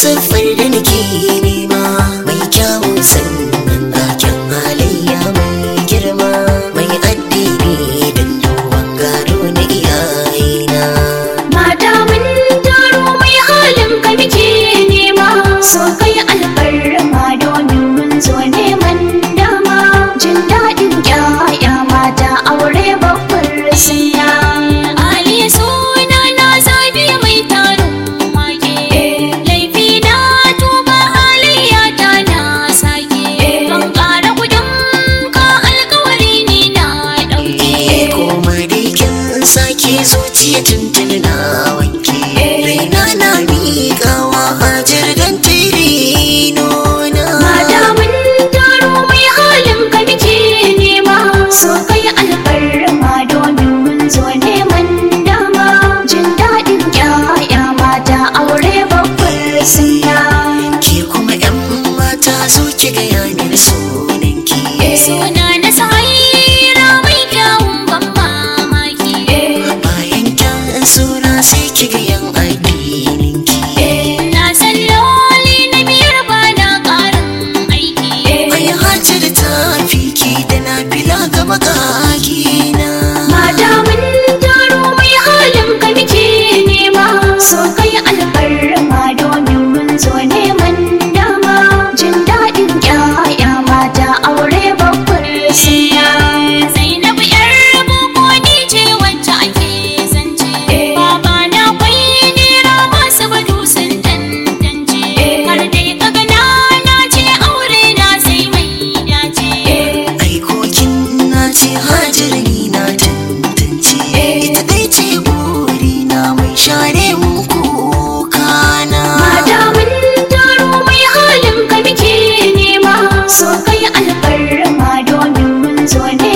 siffar da nake tuntuni na wanke raina na miƙawa hajar don tiri nuna mata mun taro mai halin ka muke nema so kai alfarma domin mun zo neman dama jin daɗin ƴaƴa mata aure babbar suna ki kuma 'yan mata zo ki gaya mini sunanki eh, summertime.